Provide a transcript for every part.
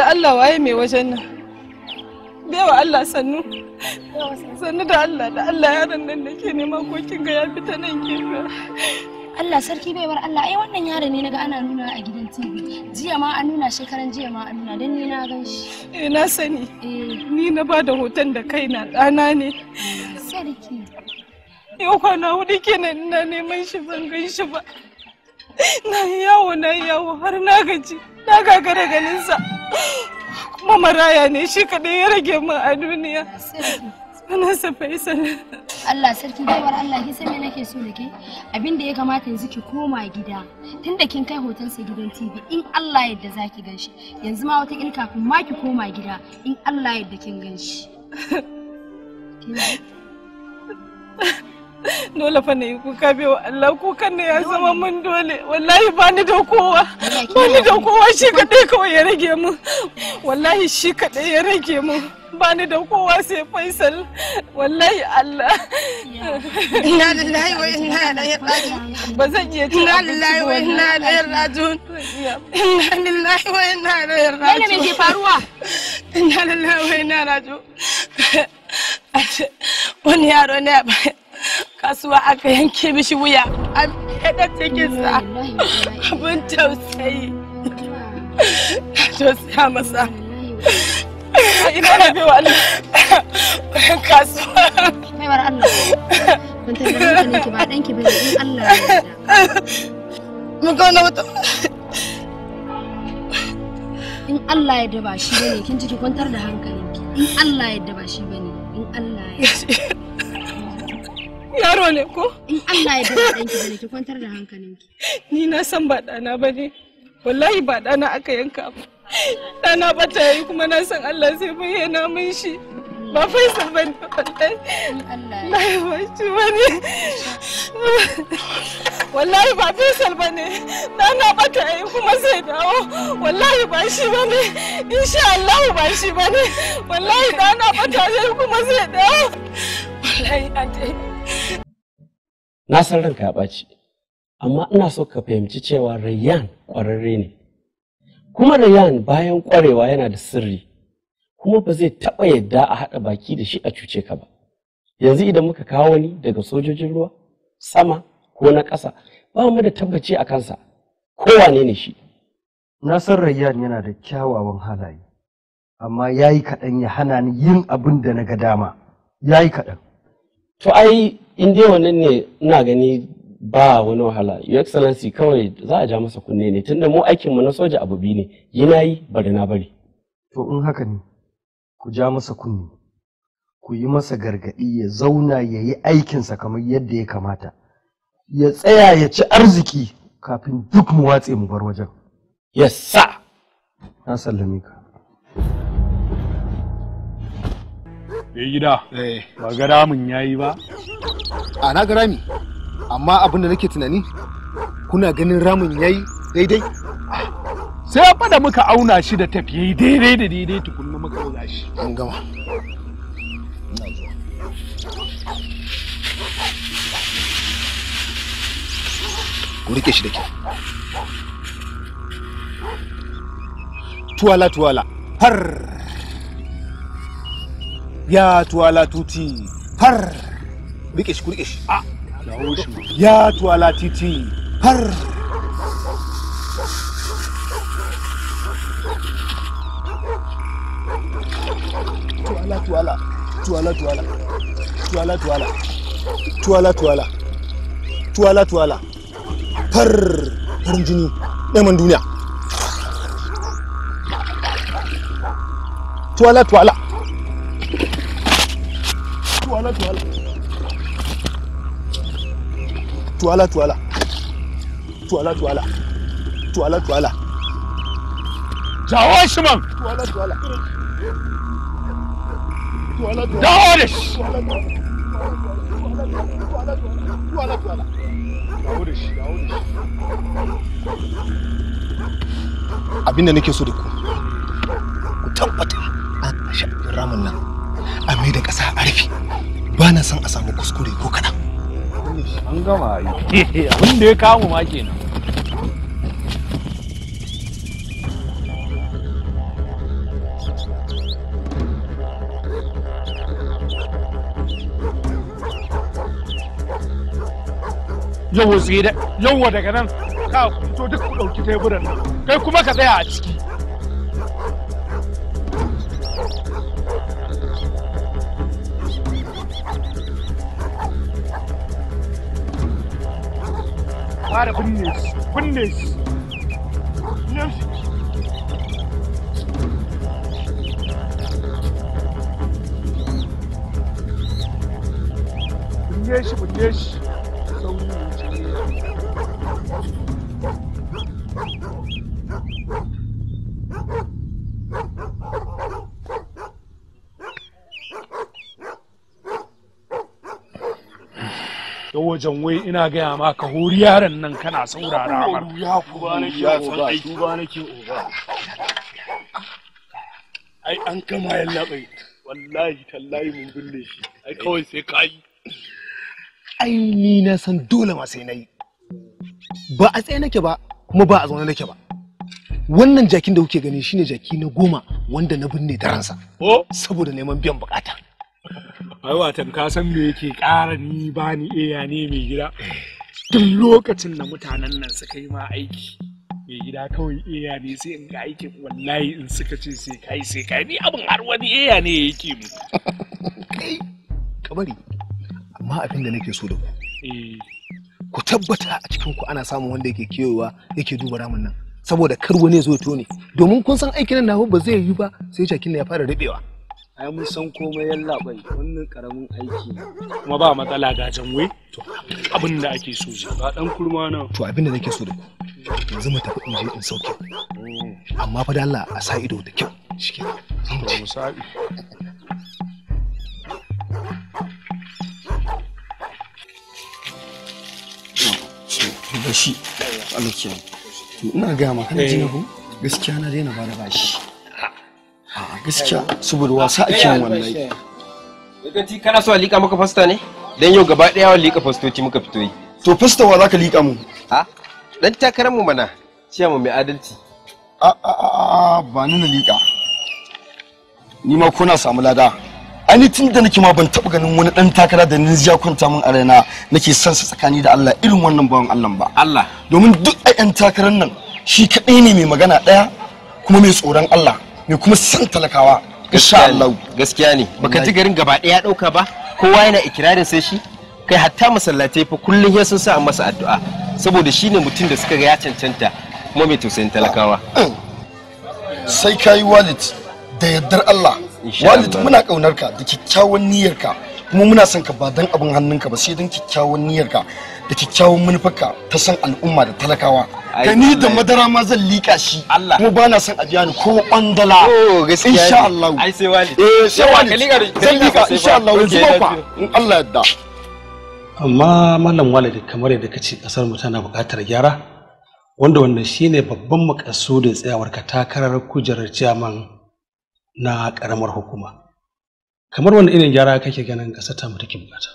da Allah waye mai wajen nan bewa Allah sannu sannu da Allah da Allah yaron nan da ke nema ko kin ga ya fita nan kefa Allah sarki bai bar Allah ai wannan yaro ne naga ana nuna a gidan TV jiya ma an nuna shekaran jiya ma an nuna dan ni na gan shi eh na sani eh. ni na ba da hoton da na dana ne sarki yau kwana hudu kenan ina neman shi ban gan shi ba na yawo na yawo har na gaji na gagara ganinsa kuma maraya ne shi kaɗai ya rage min a duniya sunansa faisal Allah sarki baiwar Allah ki sani nake so da ke abin da ya kamata yanzu ki koma gida tunda kin kai hotonsa gidan TV in Allah yadda zaki ganshi yanzu ma wata kil kafin ma ki koma gida in Allah yadda kin ganshi dole fa na yi kuka bai wa Allah kukan ne ya zama mun dole wallahi ba ni da kowa ba ni da kowa shi kadai kawai ya rage mu wallahi shi kadai ya rage mu ba ni da kowa sai Faisal wallahi Allah inna lillahi wa inna ilaihi raji'un ba zan iya inna lillahi wa inna ilaihi raji'un inna lillahi wa inna ilaihi raji'un me ke faruwa inna lillahi wa inna raji'un wani yaro ne ba kasuwa aka yanke mishi wuya an fede cikinsa abin tausayi tausaya masa ina da bewa Allah wajen kasuwa baiwar Allah kwantar da hankalinki ba ɗanki bai in Allah mu gauna wata in Allah ya daba shi bane kin ciki kwantar da hankalinki in Allah ya daba shi bane in Allah ya Yaro ne ko? In Allah ya bada danki bane ki kwantar da hankalinki. Ni na san ba dana ne Wallahi ba dana aka yanka ba. Dana ba ta yi kuma na san Allah sai bayyana min shi. Ba Faisal ba ne wallahi. Allah ya wace ba ne. Wallahi ba fesal ba ne. Ɗana ba ta yi kuma zai dawo. Wallahi ba shi ba ne. Insha Allah ba shi ba ne. Wallahi ɗana ba ta yi kuma zai dawo. Wallahi a na san ranka ya ɓaci amma ina so ka fahimci cewa rayyan ƙwararre ne kuma rayyan bayan ƙwarewa yana da sirri kuma ba zai taɓa yadda a haɗa baki da shi a cuce ka ba yanzu idan muka kawo wani daga sojojin ruwa sama ko na ƙasa ba mu da tabbaci a kansa kowane ne shi na san rayyan yana da kyawawan halaye amma ya yi kaɗan ya hana ni yin abin da na ga dama ya yi kaɗan to ai in dai wannan ne ina gani ba wani wahala your excellency kawai za a ja masa kunne ne tunda mu aikin mu na soja abu biyu ne yi na yi bari na bari to in haka ne ku ja masa kunne ku yi masa gargadi ya zauna ya yi aikinsa kamar yadda ya kamata ya tsaya ya ci arziki kafin duk mu watse mu bar wajen yes sir na sallame ka Ya gida. Eh. Ba ga ramin yayi ba. A na ga Amma abin da nake tunani kuna ganin ramin yayi daidai? Sai ya fada muka auna shi da tafiye daidai da daidai tukunna muka auna shi. An gama. Ku rike shi da ke Tuwala tuwala. Har. ya tuwala tuti har rike shi kurke shi a ya tuwala titi har tuwala tuwala tuwala tuwala tuwala tuwala tuwala tuwala tuwala tuwala har farin jini neman duniya tuwala tuwala tuwala tuwala tuwala tuwala tuwala tuwala tuwala tuwala jawo shi man tuwala tuwala tuwala tuwala dawo da shi tuwala da nake so da ku ku tabbata an shafi ramin nan a mai da ƙasa a rufe bana na son a samu kuskure ko kaɗan. An gama yi. Abin da ya kamu ma kenan. Yau sai da yau daga nan ka fito duk ku ɗauki teburan nan kai kuma ka tsaya a ciki. Para, Bundes. Bundes. Não. Bundes, Bundes. ta wajen wai ina gaya ma ka hori yaron nan kana saurara mar ya kuwa nake oba tuba nake oba ai an kama yalla bai wallahi tallahi mun binne shi ai kawai sai ka yi ai ni na san dole ma sai nayi ba a tsaye nake ba kuma ba a zaune nake ba wannan jakin da kuke gani shine jaki na goma wanda na binne da ransa saboda neman biyan bukata ai watan ka san me yake ƙara ni ba ni iya ne mai gida duk lokacin da mutanen nan suka yi ma aiki mai gida kawai iya ne sai in ga aikin wallahi in suka ce sai kai sai kai ni abin har wani iya ne yake mu kai kabari amma abin da nake so da ku eh. ku tabbata a cikin ku ana samun wanda yake kewa yake duba ramin nan saboda kar wani ya zo ya tone domin kun san aikin nan ba zai yi ba sai jakin ya fara rubewa a mun san komai yallaɓai wannan karamin aiki kuma ba matsala ga janwe to abin da ake so je ba dan kurma na to abin da nake so da ku yanzu mu tafi in je in sauke oh. amma fa da Allah a sa ido da kyau shike to mu sa'i bashi Allah ina ga maka da jinabu gaskiya na daina ba da bashi a gaskiya saboda wasa ake yin wallahi gaggati kana so a liƙa maka fasta ne dan yau gaba ɗaya liƙa fastoci muka fito yi to fasta wa zaka liƙa mu a dan takarar mu mana ciya mu mai adalci a a a ba ni na liƙa ni ma ko na samu lada ani tun da nake ma ban taɓa ganin wani ɗan takara da ni ya kwanta min a raina nake son sa tsakani da Allah irin wannan bawan Allah ba Allah domin duk ɗan takarar nan shi kaɗai ne mai magana ɗaya kuma mai tsoron Allah mai kuma san talakawa insha Allah gaskiya ne baka ji garin gaba ɗaya ɗauka ba kowa yana ikirarin sai shi kai hatta masallatai fa kullum ya sun sa an masa addu'a saboda shine mutum da suka ga ya cancanta kuma mai tausayin talakawa sai kayi walid da yardar Allah walid muna kaunar ka da kyakkyawan niyyar ka kuma muna son ka ba don abin hannunka ba sai don kyakkyawan niyyarka da kyakkyawan manufarka ta san al'umma da talakawa gani ni da madara ma zan lika shi kuma ba na son a biya ni ko bandala oh, insha Allah ai sai wali eh sai wali zan lika insha Allah in Allah yadda amma malam walidi kamar yadda kace kasar mu tana buƙatar gyara wanda wannan shine babban makasudin tsayawar ka takarar kujerar ciyaman na karamar hukuma kamar wani irin gyara kake ganin ƙasar ta take bukata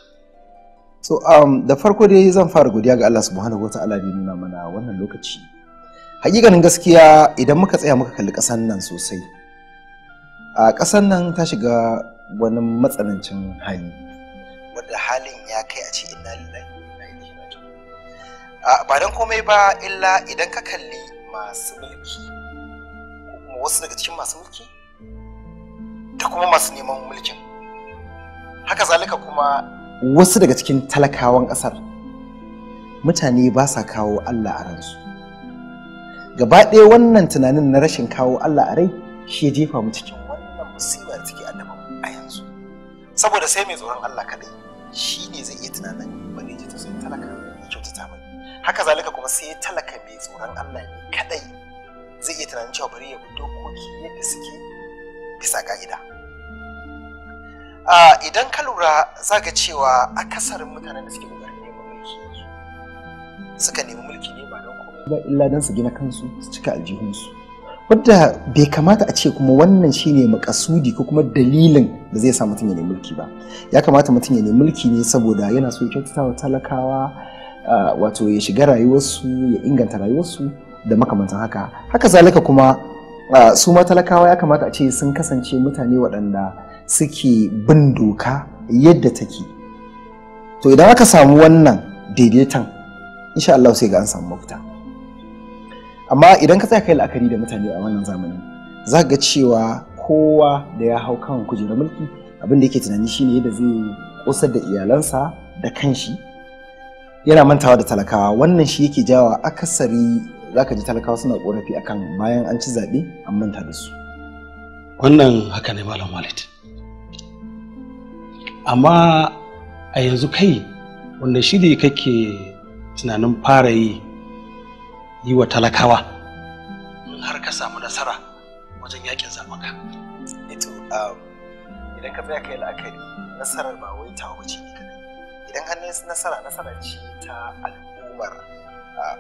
so um, da farko dai zan fara godiya ga Allah subhanahu wa ta'ala da nuna mana wannan lokaci hakikanin gaskiya idan muka tsaya muka kalli ƙasar nan sosai a ƙasar nan ta shiga wani matsanancin hali wanda halin ya kai a ce inna lillahi ba dan komai ba illa idan ka kalli masu mulki ko kuma wasu daga cikin masu mulki da kuma masu neman mulkin haka zalika kuma wasu daga cikin talakawan ƙasar mutane ba sa kawo Allah a ransu gaba ɗaya wannan tunanin na rashin kawo Allah a rai shi ya jefa mu cikin wannan musibar da take annaban a yanzu saboda sai mai tsoron Allah kadai shi ne zai iya tunanin bane ji ta sun talaka kyautata mai haka zalika kuma sai talaka mai tsoron Allah ne kadai zai iya tunanin cewa bari ya gudu ko dokoki yadda suke bisa ka'ida idan ka lura za ka cewa akasarin mutanen da suke kokarin neman mulki suka nemi mulki ne ba don komai ba illa don su gina kansu su cika aljihunsu wadda bai kamata a ce kuma wannan shine makasudi ko kuma dalilin da zai sa mutum ya nemi mulki ba ya kamata mutum ya nemi mulki ne saboda yana so ya kyautata wa talakawa wato ya shiga rayuwarsu ya inganta rayuwarsu da makamantan haka haka zalika kuma su ma talakawa ya kamata a ce sun kasance mutane waɗanda suke bin doka yadda take to idan aka samu wannan daidaiton, insha Allah sai ga an samu mafita amma idan ka tsaya kai la'akari da mutane a wannan zamanin za ga cewa kowa da ya hau kan kujerar mulki abin da yake tunani shine yadda zai kusar da iyalansa da kanshi yana mantawa da talakawa wannan shi yake jawa akasari zaka ji talakawa suna korafi akan bayan an ci zaɓe an manta da su wannan haka ne malam walid amma a yanzu kai wanda shi ne kake tunanin fara yi yi wa talakawa har ka samu nasara wajen yakin zamaka Ito, um, idan ka tsaya kai la'akari nasarar ba wai ta wuce ne kadai. Idan an yi nasara nasara ce ta al'ummar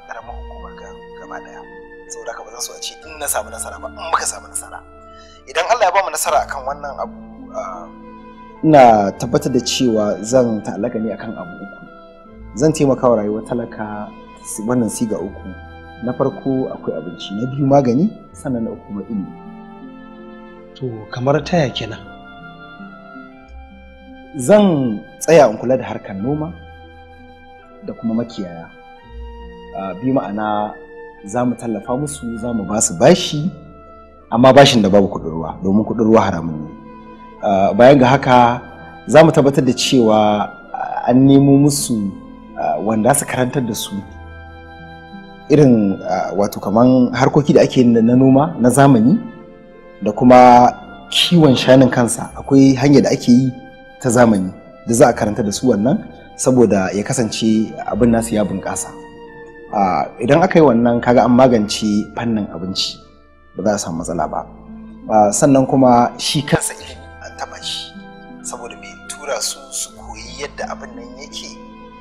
ƙaramar hukumar gaba daya. Saboda ka ba za su a ce in na samu nasara ba in muka samu nasara. Idan Allah ya ba mu nasara akan wannan abu um, ina tabbatar da cewa zan ta'allaka ne akan abu uku zan taimaka wa rayuwar talaka wannan siga uku na farko akwai abinci na biyu magani sannan na uku ilimi to kamar taya kenan zan tsaya in kula da harkar noma da kuma makiyaya bi ma'ana za mu tallafa musu za mu ba su bashi amma bashin da babu kuɗin ruwa domin kuɗin ruwa haramun ne Ah, bayan ga haka za mu tabbatar da cewa ah, an nemo musu ah, wanda su karantar da su irin wato kaman harkoki da ake na noma na zamani da kuma kiwon shanin kansa akwai hanyar da ake yi ta zamani da za a karanta da su wannan saboda ya kasance abin nasu ya bunƙasa idan aka yi wannan kaga an magance fannin abinci ba za a samu matsala ba sannan kuma shi kansa ilimi tura su su koyi yadda abin nan yake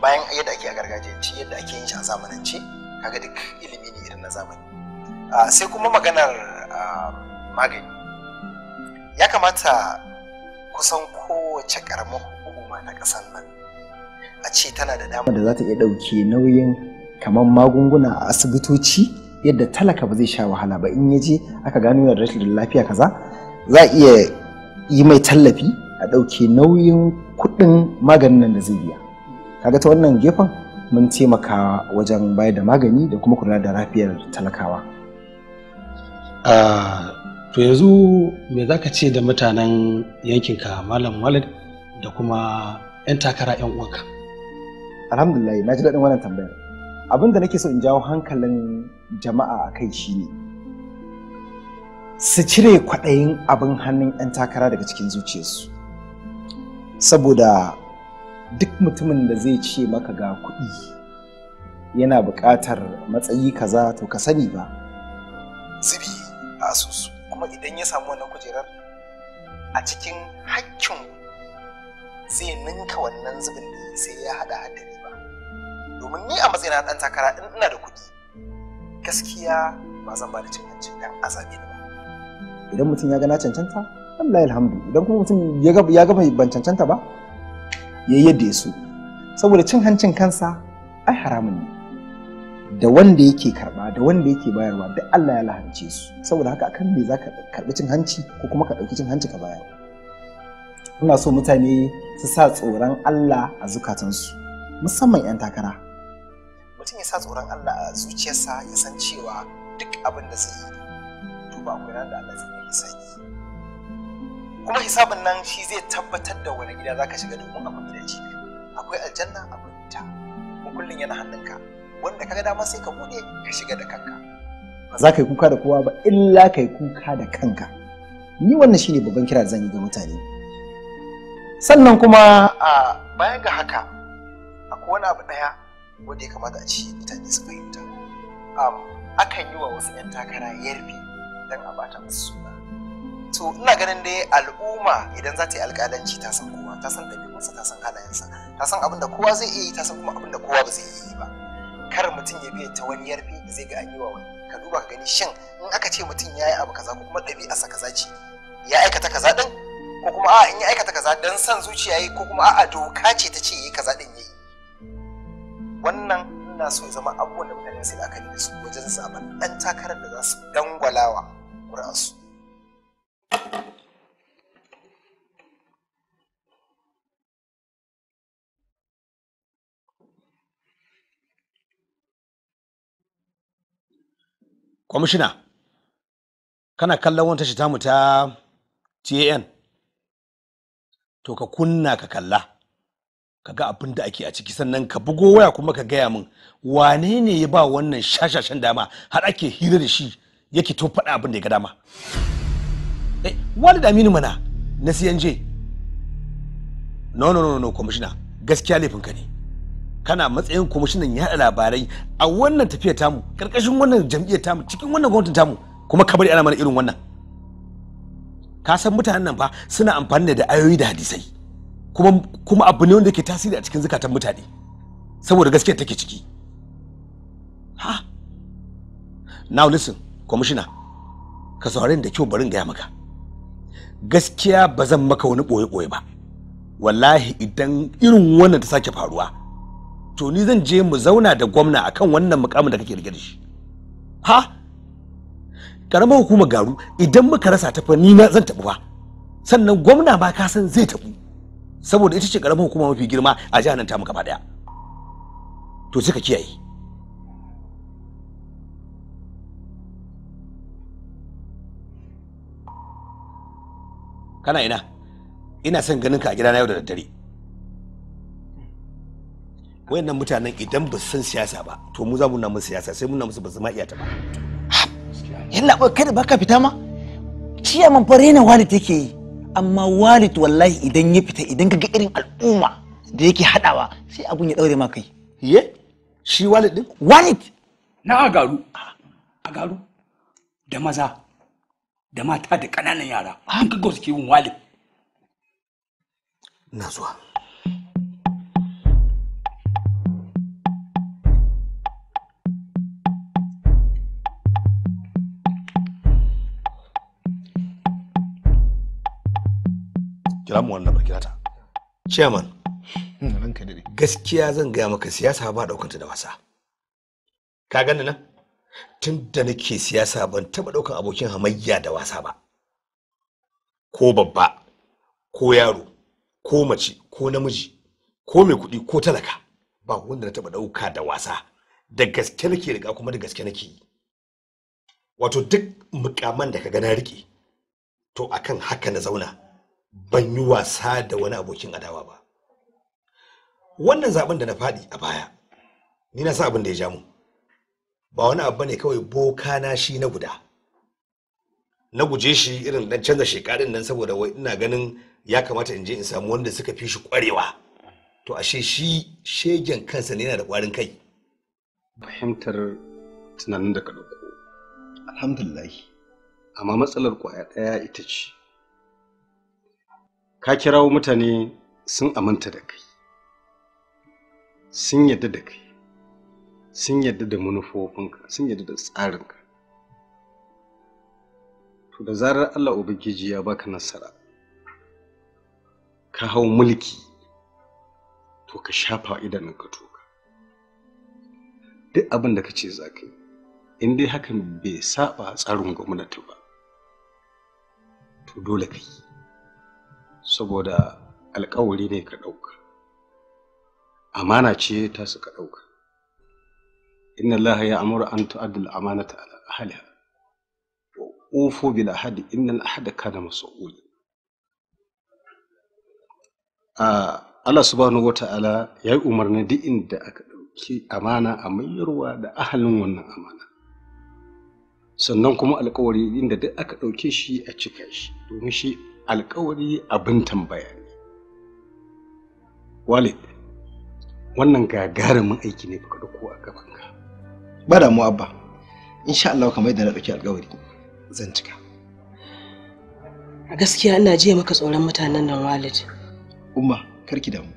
bayan yadda ake a gargajiyance yadda ake yin shi a zamanance kaga duk ilimi ne irin na zamani sai kuma maganar magani ya kamata kusan kowace karamar hukuma na ƙasar nan a ce tana da dama da za ta iya ɗauke nauyin kamar magunguna a asibitoci yadda talaka ba zai sha wahala ba in ya je aka gano yana da rashin lafiya kaza za a iya yi mai tallafi a ɗauke nauyin kuɗin maganin nan da zai biya kaga ta wannan gefen mun taimaka wajen bayar da magani da kuma kula da lafiyar talakawa ah, to yanzu me za ka ce da mutanen yankinka malam walid da kuma 'yan takara 'yan uwanka alhamdulillah na ji daɗin wannan tambayar abin da nake so in jawo hankalin jama'a a kai ne. su cire kwaɗayin abin hannun 'yan takara daga cikin zuciyarsu saboda duk mutumin da zai ce maka ga kuɗi yana buƙatar matsayi kaza to ka sani ba zubi a asusu kuma idan ya samu wannan kujerar a cikin hakkin zai ninka wannan zubin da sai ya haɗa haddari ba domin ni a matsayina ɗan takara in ina da kuɗi gaskiya ba zan ba da cin hanci dan azabi ba idan mutum ya gana cancanta Allah ya alhamdu idan kuma mutum ya gama ban cancanta ba ya yadda so. saboda cin hancin kansa ai haramun ne da wanda yake karba da wanda yake bayarwa da Allah ya lahance su saboda haka akan me za ka karbi cin hanci ko kuma ka ɗauki cin hanci ka bayar ina so mutane su sa tsoron Allah a zukatansu musamman 'yan takara mutum ya sa tsoron Allah a zuciyarsa ya san cewa duk abin da zai yi to ba da Allah zai yi sai kuma hisabin nan shi zai tabbatar da wani gida zaka shiga domin akwai gidanci akwai aljanna akwai wuta kullum yana hannunka wanda kaga dama sai ka bude ka shiga da kanka ba za ka yi kuka da kowa ba illa ka yi kuka da kanka ni wannan shine babban kira zan yi ga mutane sannan kuma a bayan ga haka akwai wani abu daya wanda ya kamata a ci mutane su fahimta akan yi wa wasu 'yan takara yarfi don a bata musu so ina ganin dai al'umma idan za ta yi alƙalanci ta san kowa ta san ɗabi'unsa ta san halayensa ta san abin da kowa zai iya yi ta san kuma abin da kowa ba zai iya yi ba kar mutum ya biya ta wani yarfi da zai ga an yi wa wani ka duba ka gani shin in aka ce mutum ya yi abu kaza ko kuma ɗabi'arsa kaza ce ya aikata kaza ɗin ko kuma a'a in ya aikata kaza dan san zuciya yi ko kuma a'a doka ce ta ce yi kaza ɗin yi wannan ina so zama abubuwan da mutane su la'akari da su wajen zaben ɗan takarar da za su dangwalawa su. kwamishina kana kallon wata shi tamu ta tan to ka kunna ka kalla ka ga abin da ake a ciki sannan ka bugo waya kuma ka gaya min wane ne ya ba wannan shashashen dama har ake hira da shi yake to faɗa abin da ya ga dama Eh, wani da aminu mana na cnj no no no no kwamishina gaskiya laifinka ne kana matsayin kwamishinan yaɗa labarai a wannan tafiyar tamu karkashin wannan jam'iyyar tamu cikin wannan gwamnatin tamu kuma ka bari ana mana irin wannan ka san mutanen nan fa suna amfani da ayoyi da hadisai kuma kuma abu ne wanda yake tasiri a cikin zukatan mutane saboda gaskiyar take ciki ha now listen kwamishina ka saurari da kyau barin gaya maka gaskiya ba zan maka wani ɓoye-ɓoye ba wallahi idan irin wannan ta sake faruwa to ni zan je mu zauna da gwamna akan wannan mukamin da kake rike da shi ha karamar hukumar garu idan muka rasa ta fa ni na zan tabu ba sannan gwamna ba ka san zai tabu saboda ita ce karamar hukuma mafi girma a jihar nan ta muka daya to sai ka kiyaye kana ina ina son ganin ka a gidana yau da daddare wayannan mutanen idan ba san siyasa ba to mu za mu na musu siyasa sai mu na musu ba su ma iya ta ba yalla ba kai da baka fita ma man fare na walid yake yi amma walid wallahi idan ya fita idan ka ga irin al'umma da yake hadawa sai abun ya daure ma kai ye shi walid din walid na agaru da maza da mata da ƙananan yara an ga suke yin walid na zuwa kira mu wannan barkira ta chairman hmm, gaskiya zan gaya maka siyasa ba daukanta da wasa ka gani nan tun da nake siyasa ban taɓa ɗaukan abokin hamayya da wasa ba ko babba ko yaro ko mace ko namiji ko mai kuɗi ko talaka ba wanda na taɓa ɗauka da wasa da gaske nake riga kuma da gaske nake yi wato duk mukaman da ka ga na riƙe to akan haka na zauna ban yi wasa da wani abokin adawa ba wannan zaɓen da na faɗi a baya ni na sa abin da ya ja mu ba wani abu ne kawai boka na shi na guda na guje shi irin dan canza shekarun nan saboda wai ina ganin ya kamata in je in samu wanda suka fi shi kwarewa to ashe shi shegen kansa ne yana da kwarin kai fahimtar tunanin da ka dauko. alhamdulillah amma matsalar kwaya ɗaya ita ce ka kirawo mutane sun aminta da kai sun yadda da kai sun yarda da manufofinka sun yarda da tsarinka to da zarar Allah ubangiji ya baka nasara ka hau mulki to ka shafa idanun ka toka duk abin da ka ce za ka in dai hakan bai saba tsarin gwamnati ba to dole ka yi saboda alkawari ne ka ɗauka amana ce ta suka ɗauka inna Allah ya amuru an tu'addu al-amanata ala ahliha wa ufu bil ahadi inna al-ahada kana mas'ula ah, Allah subhanahu ta'ala ya yi umarni duk inda aka ɗauki amana a mayarwa da ahalin wannan amana sannan kuma alkawari inda da aka ɗauke shi a cika shi domin shi alkawari abin tambaya walid wannan gagarumin aiki ne baka ɗauko a gabanka ba mu abba insha Allah kamar yadda na dauki alkawari zan cika a gaskiya ina jiya maka tsoron mutanen nan walid umma karki damu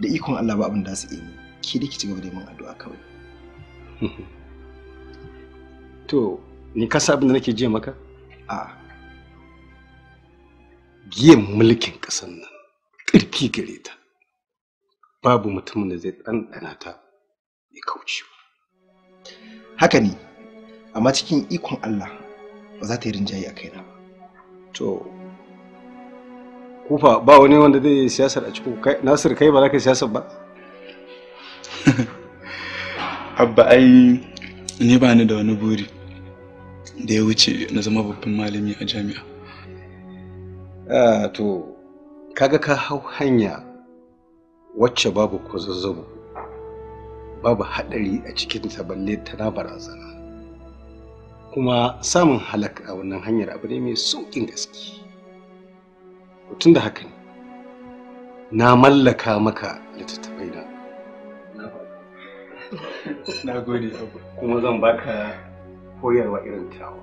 da ikon Allah ba abin da su yi ki da ki ci gaba da yin addu'a kawai to ni ka abin da nake jiya maka a giye mulkin kasan nan kirki gare babu mutumin da zai ɗanɗana ta ya kauce haka ne amma cikin ikon Allah ba za ta yi rinjaye a kaina to kufa ba wani wanda zai yi siyasar a cikin nasir kai ba za ka siyasar ba abba ai ni ba ni da wani buri da ya wuce na zama babban malami a jami'a to kaga ka hau hanya wacce babu ko zazzabu babu haɗari a cikin balle tana barazana kuma samun halak a wannan hanyar abu ne mai sauƙin gaske tun da haka ne na mallaka maka littattafai na na gode kuma zan baka koyarwa irin tawa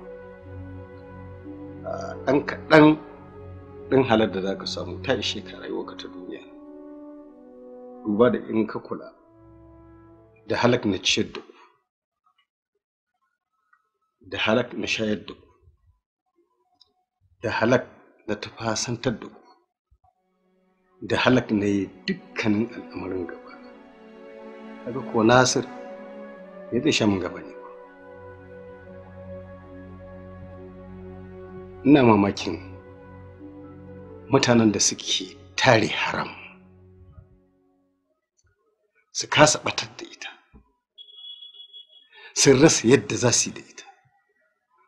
ah, ɗan kaɗan ɗin halar da za ka samu ta ishe ka rayuwa ta duniya duba da in ka kula da halak na ciyar da ku da halak na shayar da ku da halak na tafasantar da ku da halak na yi dukkanin al'amarin gaba kaga ko nasir ya zai sha gaba ne ina mamakin mutanen da suke tare haram su kasa batar da ita sun rasa yadda za su yi da ita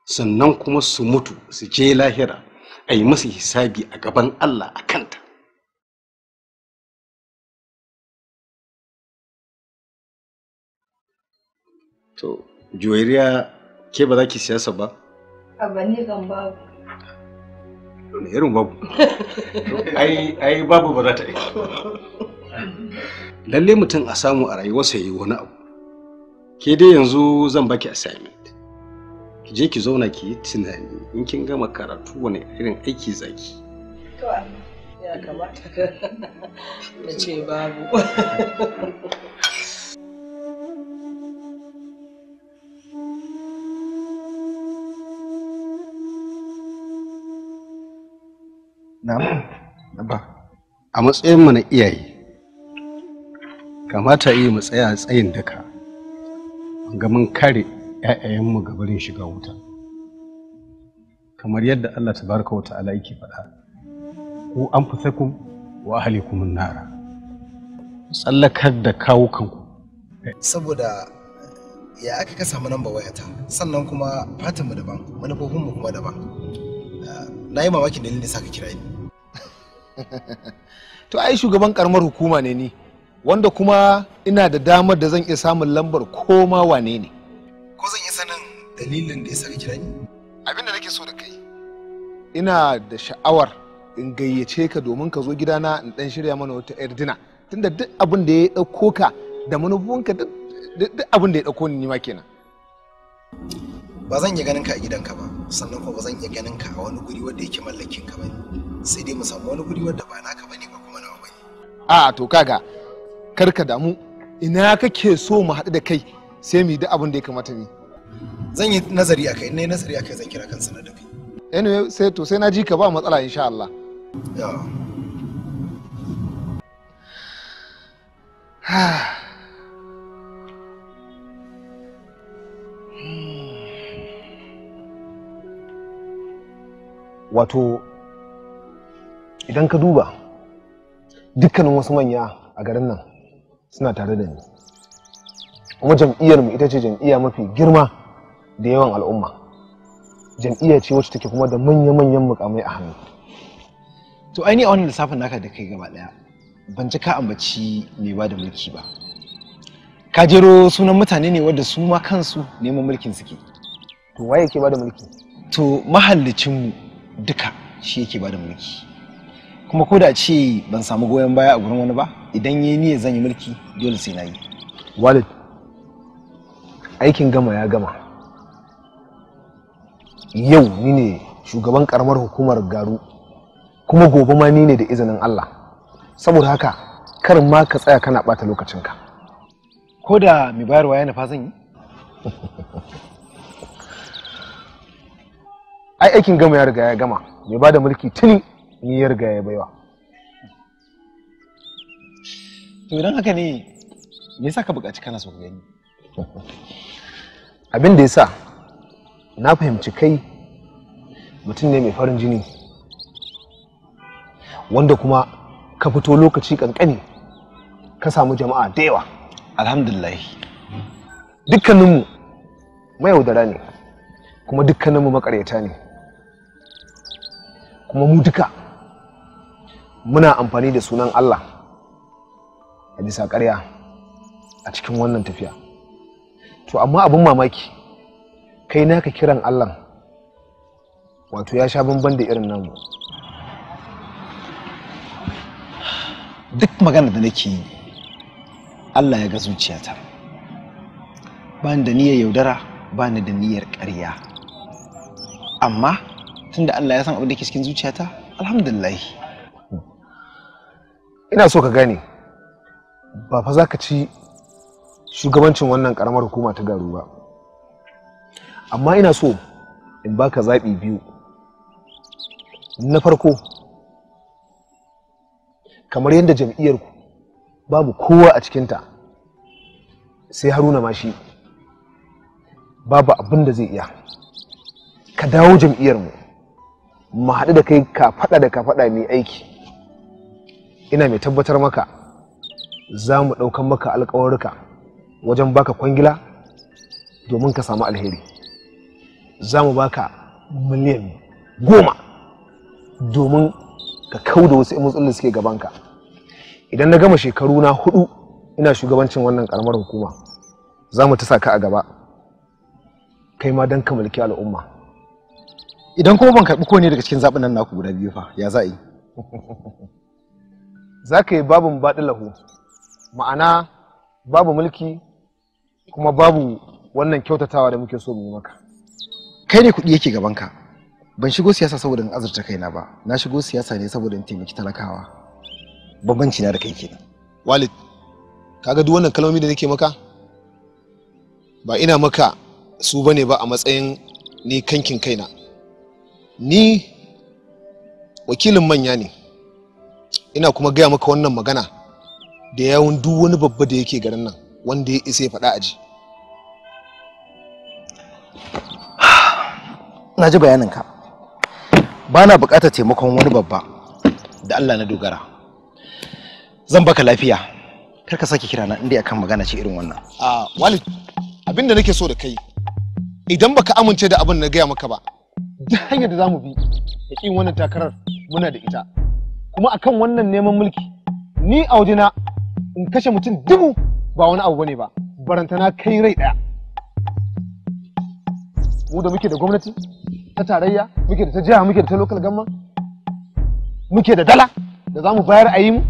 sannan kuma su mutu su je lahira a yi masa hisabi a gaban Allah a kanta to juwairiya ke ba za ki siyasa ba? abani kan babu irin babu ai babu ba za ta yi lalle mutum a samu a rayuwarsa ya yi wani abu ke dai yanzu zan baki assignment ki je ki zauna ki yi tunani in kin gama karatu wani irin aiki zaki to ya kamata ka ce babu Na'am, ba. A matsayinmu na iyaye, kamata yi mu tsaya tsayin daka. ga mun kare 'ya'yayenmu ga barin shiga wuta kamar yadda Allah tabaraka wa ta'ala yake faɗa ku an fi fusakum wa mun nara tsallakar da kawo kanku saboda ya aka ka samu namba wayata sannan kuma fatinmu daban manufofinmu kuma daban na yi mamakin dalilin da sa ka kira ni to ai shugaban karamar hukuma ne ni wanda kuma ina da damar da zan iya samun lambar koma wane ne ko zan iya sanin dalilin da ya sa kira ni abin da nake so da kai ina da sha'awar in gayyace ka domin ka zo gidana in dan shirya mana wata yar dina tunda duk abin da ya dauko ka da manufofinka duk abin da ya dauko ni ma kenan ba zan iya ganin ka a gidanka ba sannan kuma ba zan iya ganin ka a wani guri wanda yake mallakin ka ba sai dai mu samu wani guri wanda ba naka bane ba kuma nawa bane a to kaga kar ka damu ina kake so mu haɗu da kai sai mu yi duk abin da ya kamata mu zan yi nazari akai in nayi nazari akai zan kira kan sanar da kai anyway sai to sai na ji ka ba matsala insha Allah wato idan ka duba dukkanin wasu manya a garin nan suna tare da ni kuma mu ita ce jam'iyya mafi girma da yawan al'umma jam'iyya ce wacce take kuma da manya-manyan mukamai a hannu to aini a wannan lissafin naka da kai gaba daya ban ci ka ambaci mai ba da mulki ba ka jero sunan mutane ne wadda su ma kansu neman mulkin suke to waye ke ba da mulki to mu duka shi yake ba da mulki kuma ko da ce ban samu goyon baya a gurin wani ba idan yayi niyyar zan yi mulki dole sai na yi walid aikin gama ya gama yau ni ne shugaban karamar hukumar garu kuma gobe ma ni ne da izinin Allah saboda haka kar ma ka tsaya kana bata lokacinka ko da mai bayarwa ya nafa zan yi ai aikin gama ya riga ya gama mai bada mulki tuni ni ya riga ya baiwa to idan haka ne me yasa ka buƙaci kana so gani abin da yasa na fahimci kai mutum ne mai farin jini wanda kuma ka fito lokaci kankani ka samu jama'a da yawa alhamdulillah dukkaninmu mayaudara ne kuma dukkaninmu makaryata ne kuma mu duka muna amfani da sunan Allah a bisa ƙarya a cikin wannan tafiya to amma abin mamaki kai naka kiran allah wato ya sha bamban da irin namu duk magana da nake yi allah ya ga zuciyata ba ni da niyyar yaudara ba ni da niyyar ƙarya amma tunda allah ya san abin da ke cikin zuciyata alhamdulillah ina so ka gane ba fa za ka ci shugabancin wannan karamar hukuma ta garu ba amma ina so in baka zaɓi biyu na farko kamar yadda jam'iyyarku babu kowa a cikinta sai haruna ma shi babu abin da zai iya ka dawo jam'iyyarmu mu haɗu da kai ka faɗa da ka faɗa mai aiki ina mai tabbatar maka za mu ɗaukan maka alƙawarka wajen baka kwangila domin ka samu alheri za mu baka miliyan goma domin ka kau da wasu da suke gabanka idan na gama shekaru na hudu ina shugabancin wannan karamar hukuma za mu ta sa ka a gaba kai ma don ka mulki al'umma idan kuma ban karɓi kowane daga cikin zaɓin nan naku guda biyu fa ya za'i za ka yi babin baɗi lahu ma'ana babu mulki kuma babu wannan kyautatawa da muke so mu yi maka kai ne kuɗi yake gaban ka ban shigo siyasa saboda in azurta kaina ba na shigo siyasa ne saboda in taimaki talakawa bambanci na da kai kenan walid kaga duk wannan kalmomi da nake maka ba ina maka su bane ba a matsayin ni kankin kaina ni wakilin manya ne ina kuma gaya maka wannan magana da yawon duk wani babba da yake garin nan wanda ya isa ya faɗa ji. na ji ka. ba na buƙatar taimakon wani babba da allah na dogara zan baka lafiya kar ka sake kirana inda akan magana ce irin wannan a walid abin da nake so da kai idan baka amince da abin na gaya maka ba duk hanyar da za mu bi da ƙin wannan takarar muna da ita kuma akan wannan neman mulki ni a wajena in kashe mutum dubu ba wani abu bane ba barantana kai rai ɗaya. mu da muke da gwamnati ta tarayya muke da ta jiha muke da ta local gamma muke da dala da za mu bayar a yi mu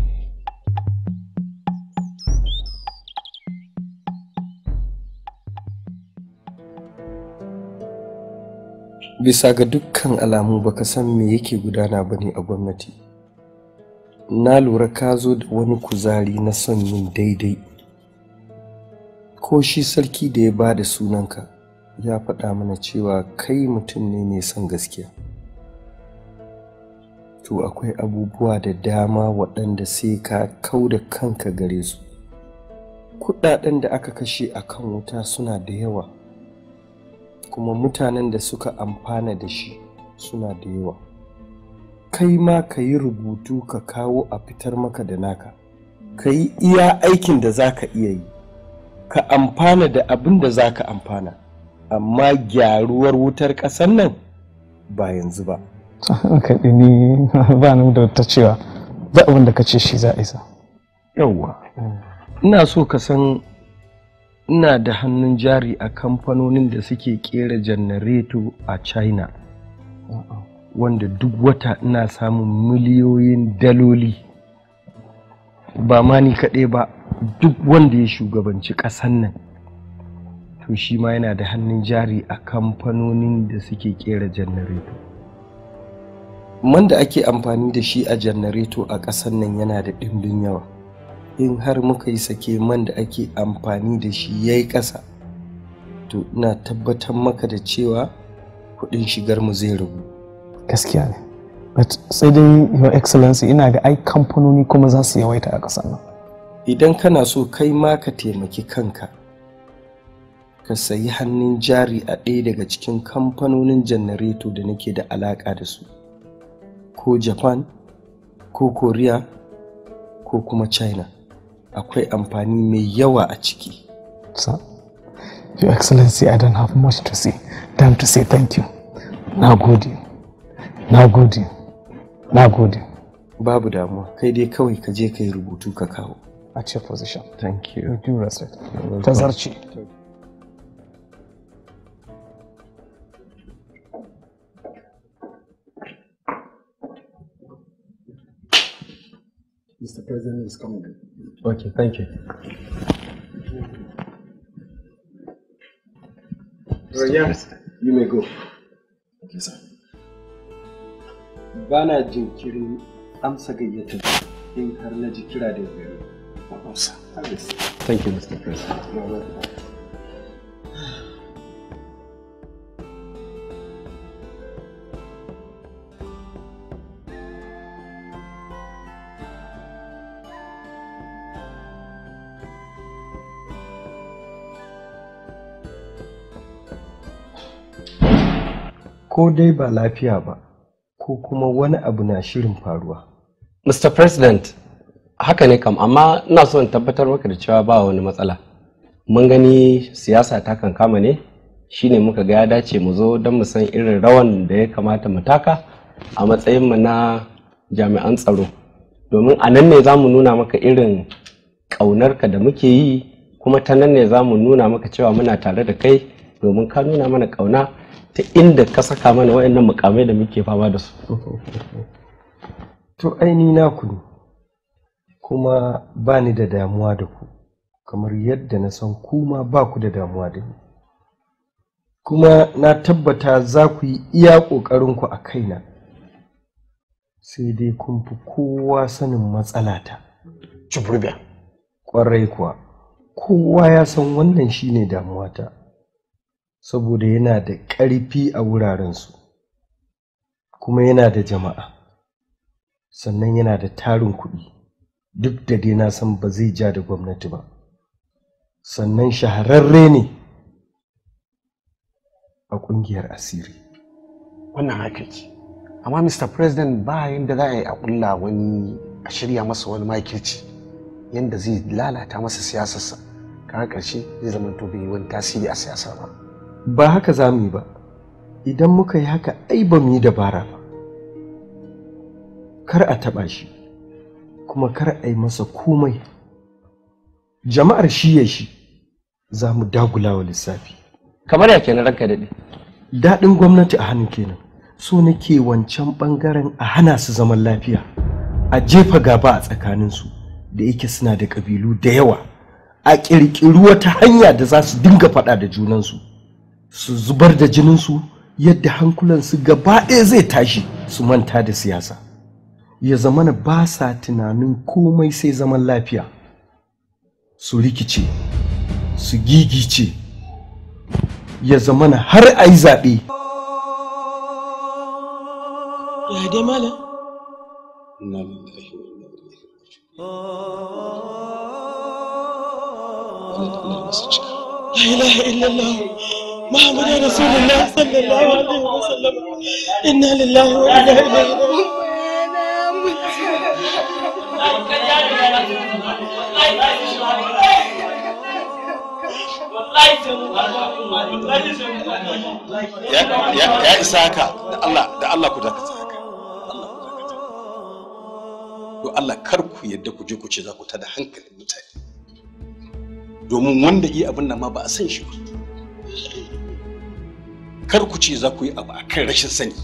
bisa ga dukkan alamu baka san me yake gudana bane a gwamnati na lura ka zo da wani kuzari na son yin daidai ko shi sarki da ya ba da sunanka ya faɗa mana cewa kai mutum ne mai son gaskiya to akwai abubuwa da dama waɗanda sai ka kau da kanka gare su kuɗaɗen da aka kashe a kan wuta suna da yawa kuma mutanen da suka amfana da shi suna da yawa kai ma ka yi rubutu ka kawo a fitar maka da naka ka yi iya aikin da za ka iya yi ka amfana da abin da za ka amfana amma gyaruwar wutar ƙasan nan ba yanzu ba ka ni ba da ta cewa za abin da ka ce shi za a isa yauwa ina so ka san ina da hannun jari a kamfanonin da suke kera janareto a china wanda duk wata ina samun miliyoyin daloli ba ma ni kaɗai ba duk wanda ya shugabanci ƙasan nan to shi ma yana da hannun jari a kamfanonin da suke ƙera janareto man da ake amfani da shi a janareto a ƙasan nan yana da ɗimbin yawa in har muka yi sake man da ake amfani da shi ya yi ƙasa to ina tabbatar maka da cewa kuɗin shigar mu zai rubu gaskiya ne but sai dai your excellency ina ga ai kamfanoni kuma za su yawaita a ƙasar nan idan kana so kai ma ka taimaki kanka ka sayi hannun jari a ɗaya daga cikin kamfanonin janareto da nake da alaƙa da su ko japan ko korea ko kuma china akwai amfani mai yawa a ciki sir your excellency i don't have much to say time to say thank you na gode na gode na gode babu damuwa kai dai kawai ka je ka yi rubutu ka kawo A your position thank you with due respect ta zarce Mr. President is coming. Okay, thank you. Mr. President, you may go. Okay, sir. bana na jinkirin amsa gayyatar in har na ji kira da gari amsa. Thank you, Mr. President. ko dai ba lafiya ba ko kuma wani abu na shirin faruwa mr president haka ne kam amma ina so in tabbatar maka da cewa ba wani matsala mun gani siyasa ta kan kama ne shine muka ga ya dace mu zo don mu san irin rawan da ya kamata mu taka a matsayin na jami'an tsaro domin a nan ne za mu nuna maka irin ƙaunarka da muke yi kuma ta nan ne za mu nuna maka cewa muna tare da kai domin ka nuna mana ƙauna ta inda ka saka mana waɗannan mukamai da muke fama da su to aini na ku kuma ba ni da damuwa da ku kamar yadda na san kuma ba ku da damuwa da ni kuma na tabbata za ku yi iya ƙoƙarinku a kaina sai dai kun fi kowa sanin matsalata ciburbiya ƙwarai kuwa kowa ya san wannan shine damuwata saboda yana da ƙarfi a wuraren su kuma yana da jama'a sannan yana da tarin kuɗi duk da dai na san ba zai ja da gwamnati ba sannan shahararre ne a ƙungiyar asiri wannan haka ce. amma mr president ba yadda za a yi a ƙulla wani a shirya masa wani makirci yadda zai lalata masa siyasarsa kaga ƙarshe zai zama to bai wani tasiri a siyasa ba ba haka za mu yi ba idan muka yi haka ai ba mu yi dabara ba kar a taɓa shi kuma kar a yi masa komai jama'ar shi ya shi za mu dagula wa lissafi kamar ya kenan ranka daɗe daɗin gwamnati a hannun kenan so nake wancan ɓangaren a hana su zaman lafiya a jefa gaba a tsakaninsu da yake suna da ƙabilu da yawa a ƙirƙiri wata hanya da za su dinga faɗa da junansu su zubar da jinin su yadda hankulan su gaba ɗaya zai tashi su manta da siyasa ya zamana ba sa tunanin komai sai zaman lafiya su rikice su gigice ya zamana har a yi zaɓe محمد رسول الله صلى الله عليه وسلم إنا لله وإنا إليه ya isa haka da Allah da Allah ku dakata haka Allah ku dakata to Allah kar ku yadda ku je ku da hankali ku tada hankalin domin wanda yi abin nan ma ba a san shi ba kar ku ce za ku yi abu akan rashin sani.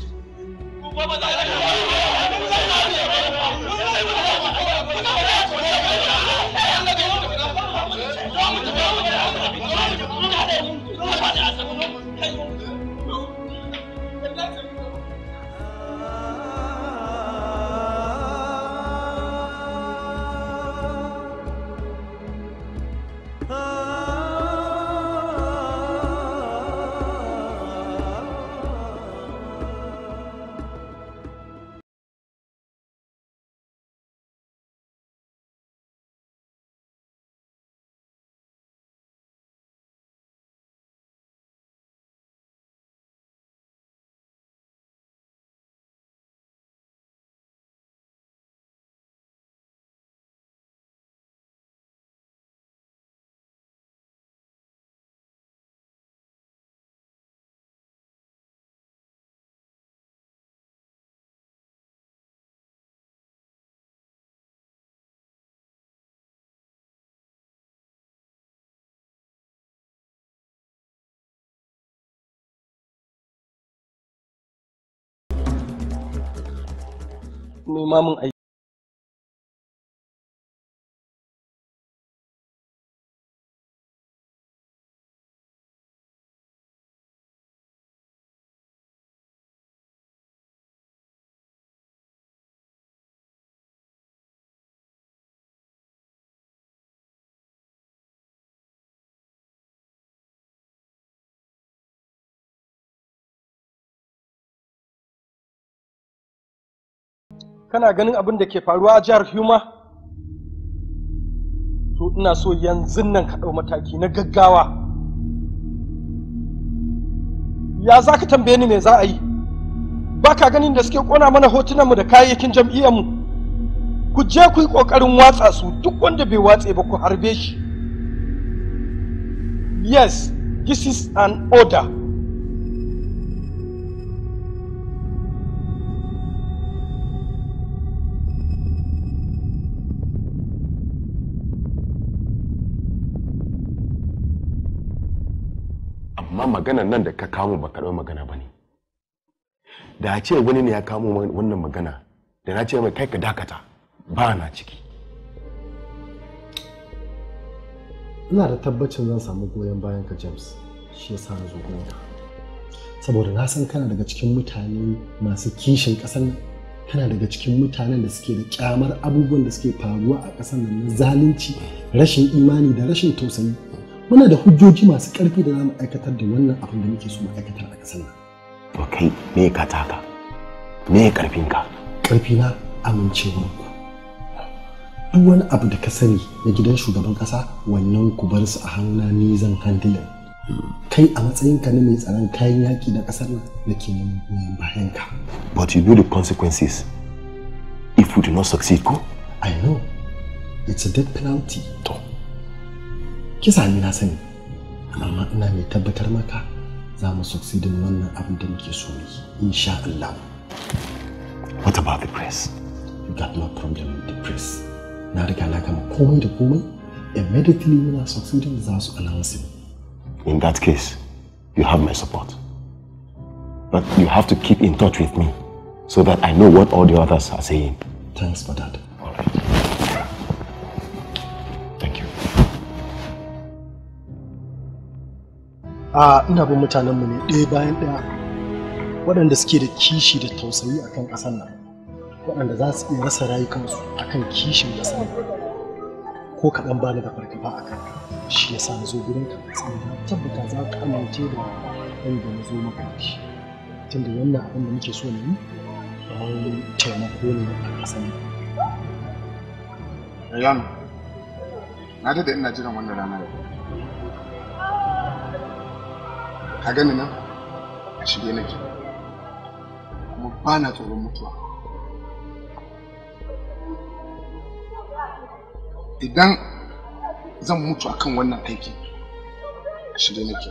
mai mamun kana ganin abin da ke faruwa a jihar Huma? To ina so yanzu nan ka ɗau mataki na gaggawa. Ya za ka tambaye ni me za a yi? Ba ka ganin da suke ƙona mana hotunanmu da kayayyakin mu? Ku je ku yi ƙoƙarin watsa su duk wanda bai watse ba ku harbe shi. Yes, this is an order. maganar nan da ka kamo ba karɓar magana ba ne da ce wani ne ya kamo wannan magana da na ce mai kai ka dakata ba na ciki ina da tabbacin zan samu goyon bayan ka james shi yasa na zo gonka saboda na san kana daga cikin mutane masu kishin ƙasar nan kana daga cikin mutanen da suke da kyamar abubuwan da suke faruwa a ƙasar nan na zalunci rashin imani da rashin tausayi muna da hujjoji masu ƙarfi da za mu aikatar da wannan abin da muke so mu aikatar a ƙasar nan. To kai me ka taka? Me ƙarfin ka? na amincewa Duk wani abu da ka sani na gidan shugaban ƙasa wannan ku bar su a hannuna ni zan handle. Kai a matsayinka na mai tsaron kayan yaƙi na ƙasar nan nake neman goyon bayan ka. But you know the consequences. If we do not succeed ko? I know. It's a death penalty. To. kisa ni na sani amma ina mai tabbatar maka za mu succeedin wannan abin da muke so mu yi insha Allah what about the press you got no problem with the press na riga na kama komai da komai immediately muna succeeding za su announce in that case you have my support but you have to keep in touch with me so that I know what all the others are saying. Thanks for that. All right. a ina bin mutanenmu ne ɗaya bayan ɗaya waɗanda suke da kishi da tausayi akan ƙasar nan waɗanda za su iya rasa rayukansu akan kishin da nan ko kaɗan ba ni da fargaba a kan shi ya sa zo gurin ka tabbata za ka amince da wanda na zo maka shi tunda wannan abin da muke so ne yi taimako ne a ƙasar nan. Ayyana, na da ina jiran wannan rana ka gani nan a shige nake kuma ba na tsoron mutuwa idan zan mutu akan wannan aiki a shige nake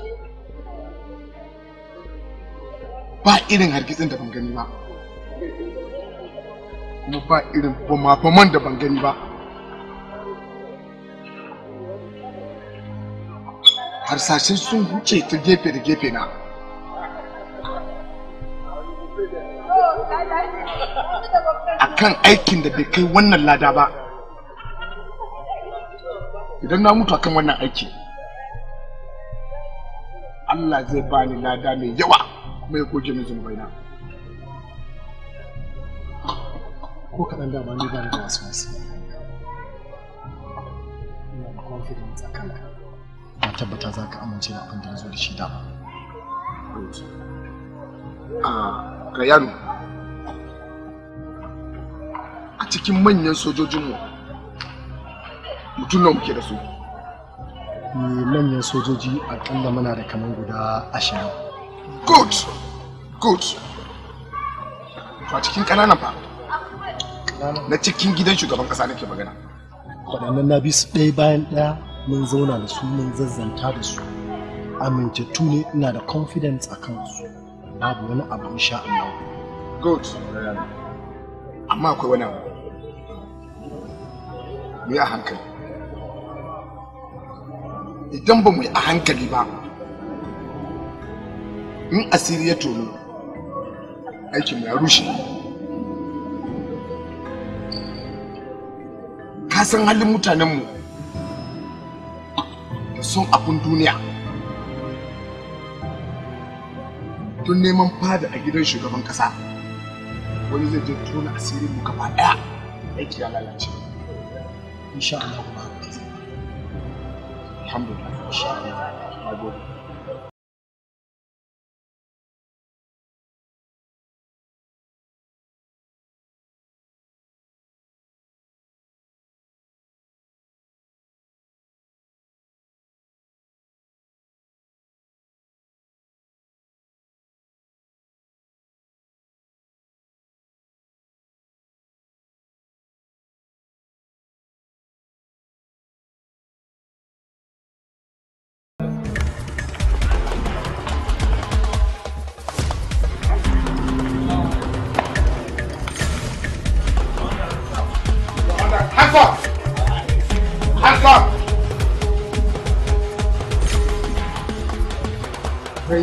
ba irin hargitsin da ban gani ba kuma ba irin bama-baman da ban gani ba harsashe sun huce ta gefe da gefe na akan aikin da bai kai wannan lada ba idan na mutu akan wannan aiki Allah zai bani lada mai yawa kuma ya goge mai na, ko kaɗan dama ne ba da wasu masu. ina da confidence a kanka tabbata za ka amince da abin da zo da shi da a rayanu a cikin manyan sojojinmu mutum nawa muke da su Ni eh, manyan sojoji akalla muna da kamar guda ashirin good good a cikin ƙananan fa na cikin gidan shugaban ƙasa nake magana waɗannan na bi su ɗaya bayan ɗaya mun zauna da su mun zazzanta da su amintattu ne ina da confidence a kansu babu wani abu insha Allah good amma akwai wani abu mu yi a hankali idan ba mu yi a hankali ba in asiri ya tono aikin ya rushe ka san halin mutanenmu sun abun duniya tun neman fada a gidan shugaban kasa wani zai je tona asirin mu gaba daya aiki ya lalace insha Allah ba alhamdulillah insha Allah na gode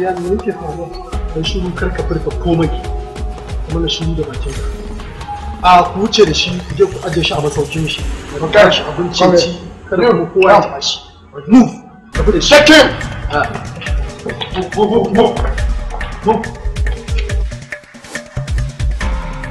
ya me yake faruwa dan shiru karka furta komai kuma na shiru da bakin a ku wuce da shi ku je ku aje shi a masaukin shi ku ba shi abinci ci kada ku kowa ya tashi move tafi da shi shake ah. move move move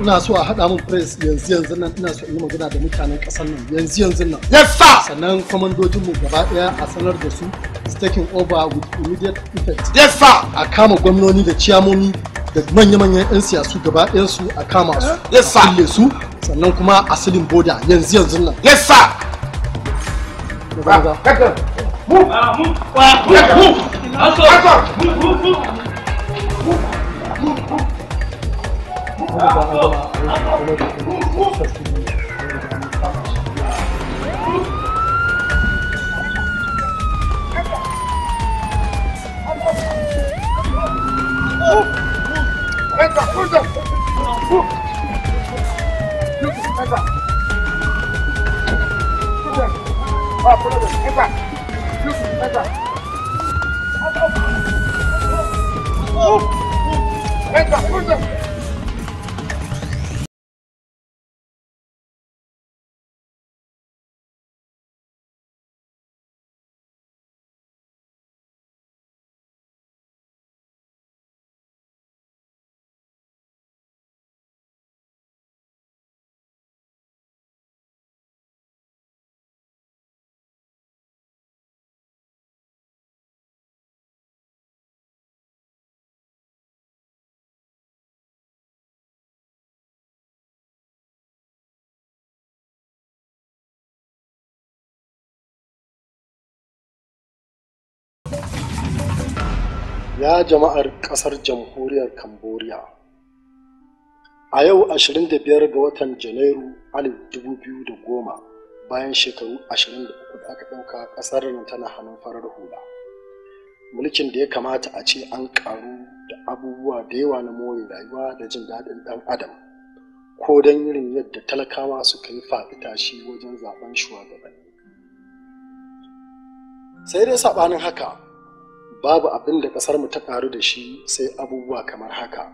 ina so a haɗa min press yanzu yanzu nan ina so in yi magana da mutanen ƙasar nan yanzu yanzu nan yes sir sannan kwamandojinmu gaba ɗaya a sanar da su is taking over with immediate effect yes sir a kama gwamnoni da ciyamomi da manya-manyan 'yan siyasu gaba ɗayan su a kama su yes sir kulle su sannan kuma asalin boda yanzu yanzu nan yes sir Move! Move! Move! Move! Move! Move! Move! Move! 啊！Ya jama'ar ƙasar jamhuriyar Cambodia. A yau 25 ga watan Janairu 2010 bayan shekaru 23 da aka ɗauka ƙasar nan tana hannun farar hula. Mulkin da ya kamata a ce an ƙaru da abubuwa da yawa na more rayuwa da jin daɗin ɗan adam. Ko don irin yadda talakawa suka yi faɗi tashi wajen zaben shugabanni. sai dai saɓanin haka babu abin da ƙasarmu ta ƙaru da shi sai abubuwa kamar haka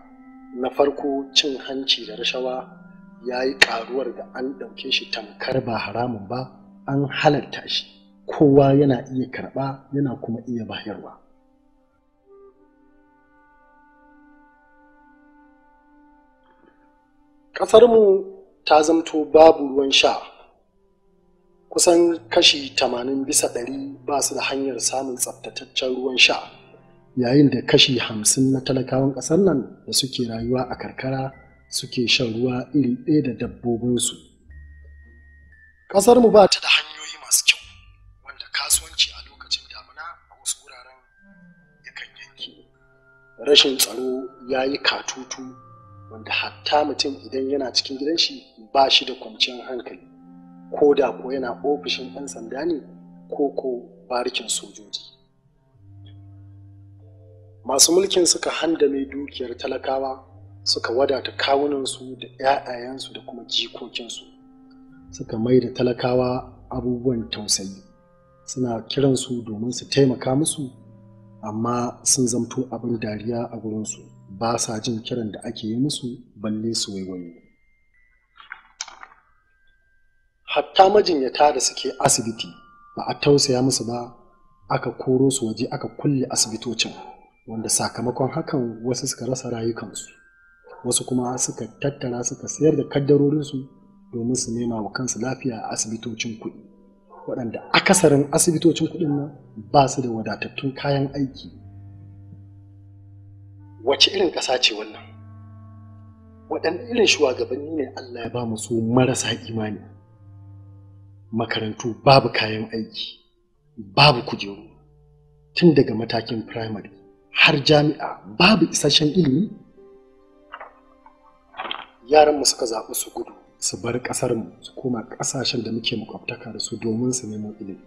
na farko cin hanci da rashawa ya yi ƙaruwar da an ɗauke shi tamkar ba haramun ba an halarta shi kowa yana iya karɓa yana kuma iya bayarwa ƙasarmu ta zamto babu ruwan sha kusan kashi 80 bisa ɗari ba su da hanyar samun tsaftataccen ruwan sha yayin da kashi 50 na talakawan ƙasar nan da suke rayuwa a karkara suke shan ruwa iri ɗaya da dabbobinsu ƙasarmu ba ta da hanyoyi masu kyau wanda kasuwanci a lokacin damuna a wasu wuraren ya kan yanke rashin tsaro ya yi katutu wanda hatta mutum idan yana cikin gidan shi ba shi da kwanciyar hankali ko da ko yana ofishin 'yan sanda ne ko ko barikin sojoji masu mulkin suka handame dukiyar talakawa suka wadata kawunansu da 'ya'yayensu da kuma jikokinsu suka mai da talakawa abubuwan tausayi suna kiransu domin su taimaka musu amma sun zamto abin dariya a gurinsu ba sa jin kiran da ake yi musu balle su waiwaye. hatta majinyata da suke asibiti ba a tausaya musu ba aka koro su waje aka kulle asibitocin wanda sakamakon hakan wasu suka rasa rayukansu wasu kuma suka tattara suka sayar da kaddarorinsu domin su nema wa kansu lafiya a asibitocin kuɗi waɗanda akasarin asibitocin kuɗin nan ba su da wadatattun kayan aiki wace irin ƙasa ce wannan waɗanda irin shugabanni ne allah ya ba mu su marasa imani makarantu babu kayan aiki babu kujeru tun daga matakin firamare har jami'a babu isasshen ilimi yaranmu suka zaɓi su gudu su bar ƙasarmu su koma ƙasashen da muke makwabtaka da su domin su nemo ilimi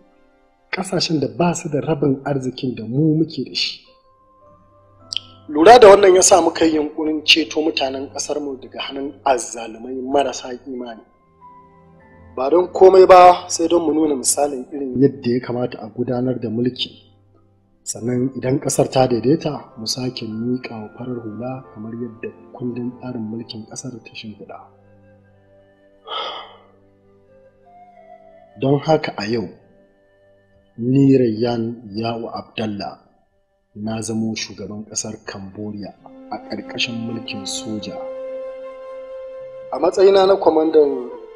ƙasashen da ba su da rabin arzikin da mu muke da shi lura da wannan ya sa muka yi yunkurin ceto mutanen ƙasarmu daga hannun azzalumai marasa imani ba don komai ba sai don mu nuna misalin irin yadda ya kamata a gudanar da mulki sannan idan ƙasar ta daidaita mu sake miƙa wa farar hula kamar yadda kundin tsarin mulkin ƙasar ta shimfiɗa don haka a yau ni rayyan yawo abdallah na zamo shugaban ƙasar cambodia a ƙarƙashin mulkin soja a matsayina na kwamandan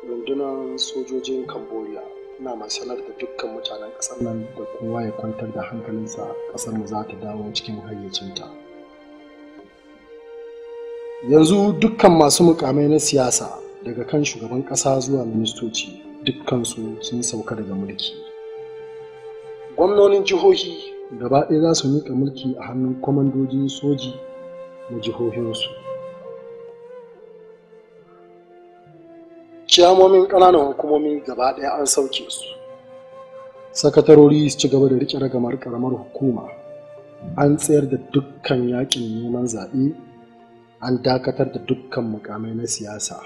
rundunar sojojin cambodia na mai sanar da dukkan mutanen ƙasar nan da kowa ya kwantar da hankalinsa ƙasar mu za ta dawo cikin hayyacinta yanzu dukkan masu mukamai na siyasa daga kan shugaban ƙasa zuwa ministoci dukkansu sun sauka daga mulki gwamnonin jihohi gaba ɗaya za su miƙa mulki a hannun kwamandojin soji na jihohinsu ciyamomin ƙananan hukumomi gaba ɗaya an sauke su sakatarori su ci gaba da riƙe ragamar ƙaramar hukuma an tsayar da dukkan yakin neman zaɓe an dakatar da dukkan mukamai na siyasa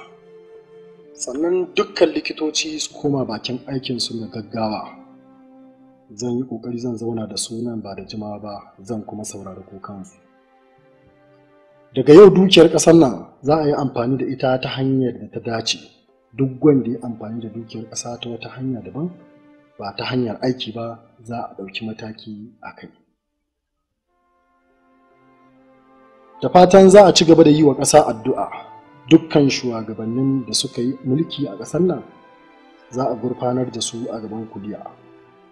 sannan dukkan likitoci su koma bakin aikinsu na gaggawa zan yi ƙoƙari zan zauna da sunan ba da jima ba zan kuma saurari kukansu daga yau dukiyar ƙasar nan za a yi amfani da ita ta hanyar da ta dace duk gwanda ya amfani da dukiyar ƙasa ta wata hanya daban ba ta hanyar aiki ba za a ɗauki mataki a kai. Da fatan za a ci gaba da yi wa ƙasa addu'a dukkan shugabannin da suka yi mulki a ƙasar nan za a gurfanar da su a gaban kuliya.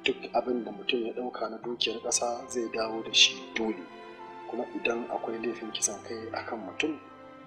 Duk abin da mutum ya ɗauka na dukiyar ƙasa zai dawo da shi dole, kuma idan akwai laifin kisan kai akan mutum.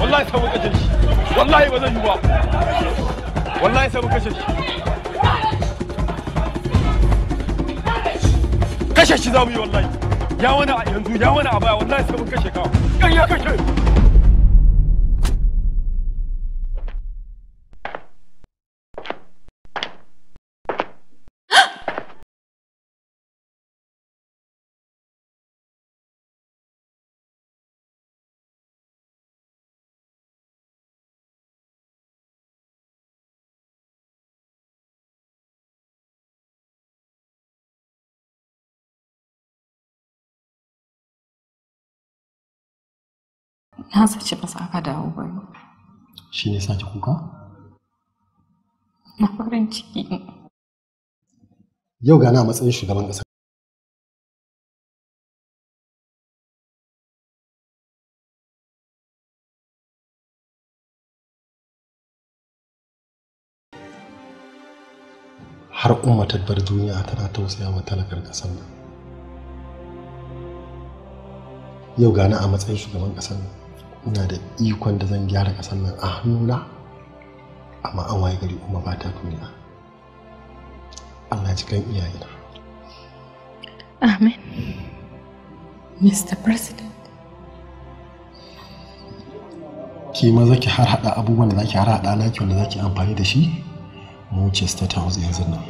wallahi sai mun kashe shi wallahi ba zan yi ba mun kashe shi kashe shi za mu ya wani a yanzu ya wani a baya wallahi sai mun kashe ka kan ya kashe na sace ba za ka dawo ba shi ne sace kuka na farin ciki yau gana matsayin shugaban ƙasa har umma tabbar duniya tana tausaya wa talakar ƙasar nan yau gana a matsayin shugaban ƙasar nan ina da ikon da zan gyara kasar nan a hannuna amma an waye gari kuma ba ta duniya Allah ji kan iyayena amen mr president ki ma zaki har hada abubuwan da zaki har hada naki wanda zaki amfani da shi mu ce state house yanzu nan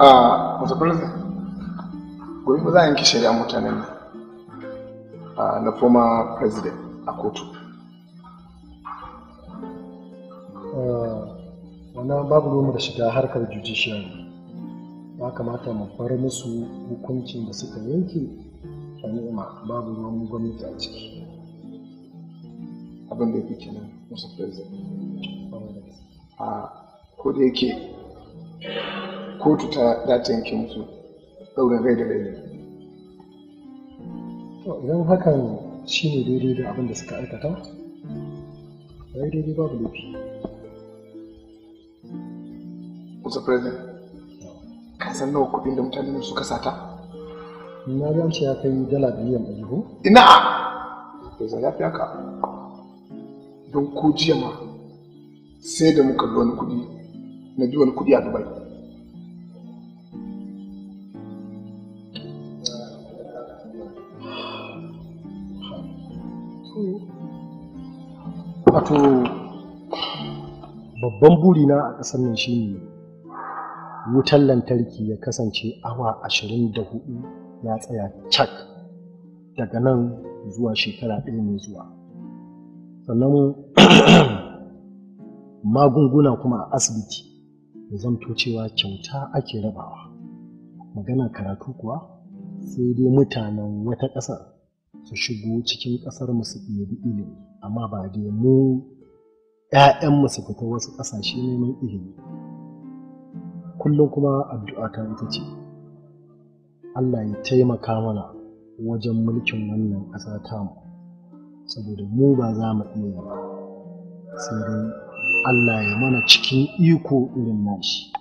a mutafarsa gobe ba za a yanke shari'a mutanen nan na former president a kotu wannan babu goma da shiga harkar judicial ya kamata mu bar musu hukuncin da suka yanke shari'a babu ruwan gwamnati a ciki abin da yake kenan musa president a ko da yake kotu ta za ta yanke musu ɗaurin rai da rai to idan hakan shi ne daidai da abin da suka aikata ya yi daidai babu laifi Mr. President, ka san nawa kuɗin da mutanen suka sata? Na ga ce ya kai dala biliyan ɗari ko? Ina! Yanzu ya fi haka. Don ko jiya ma sai da muka wani kuɗi na bi wani kuɗi a Dubai. wato babban burina a ƙasar nan shine wutar lantarki ya kasance awa ashirin da hudu ya tsaya cak daga nan zuwa shekara ɗaya mai zuwa sannan magunguna kuma a asibiti ya zamto cewa kyauta ake rabawa magana karatu kuwa sai dai mutanen wata ƙasar su shigo cikin ƙasar mu su ɗebi ilimi amma ba dai mu mu su fita wasu ƙasashe ne neman ilimi kullum kuma addu'a ta ita ce Allah ya taimaka mana wajen mulkin wannan ƙasa tamu saboda mu ba za mu iya ba sai dai Allah ya mana cikin iko irin nashi.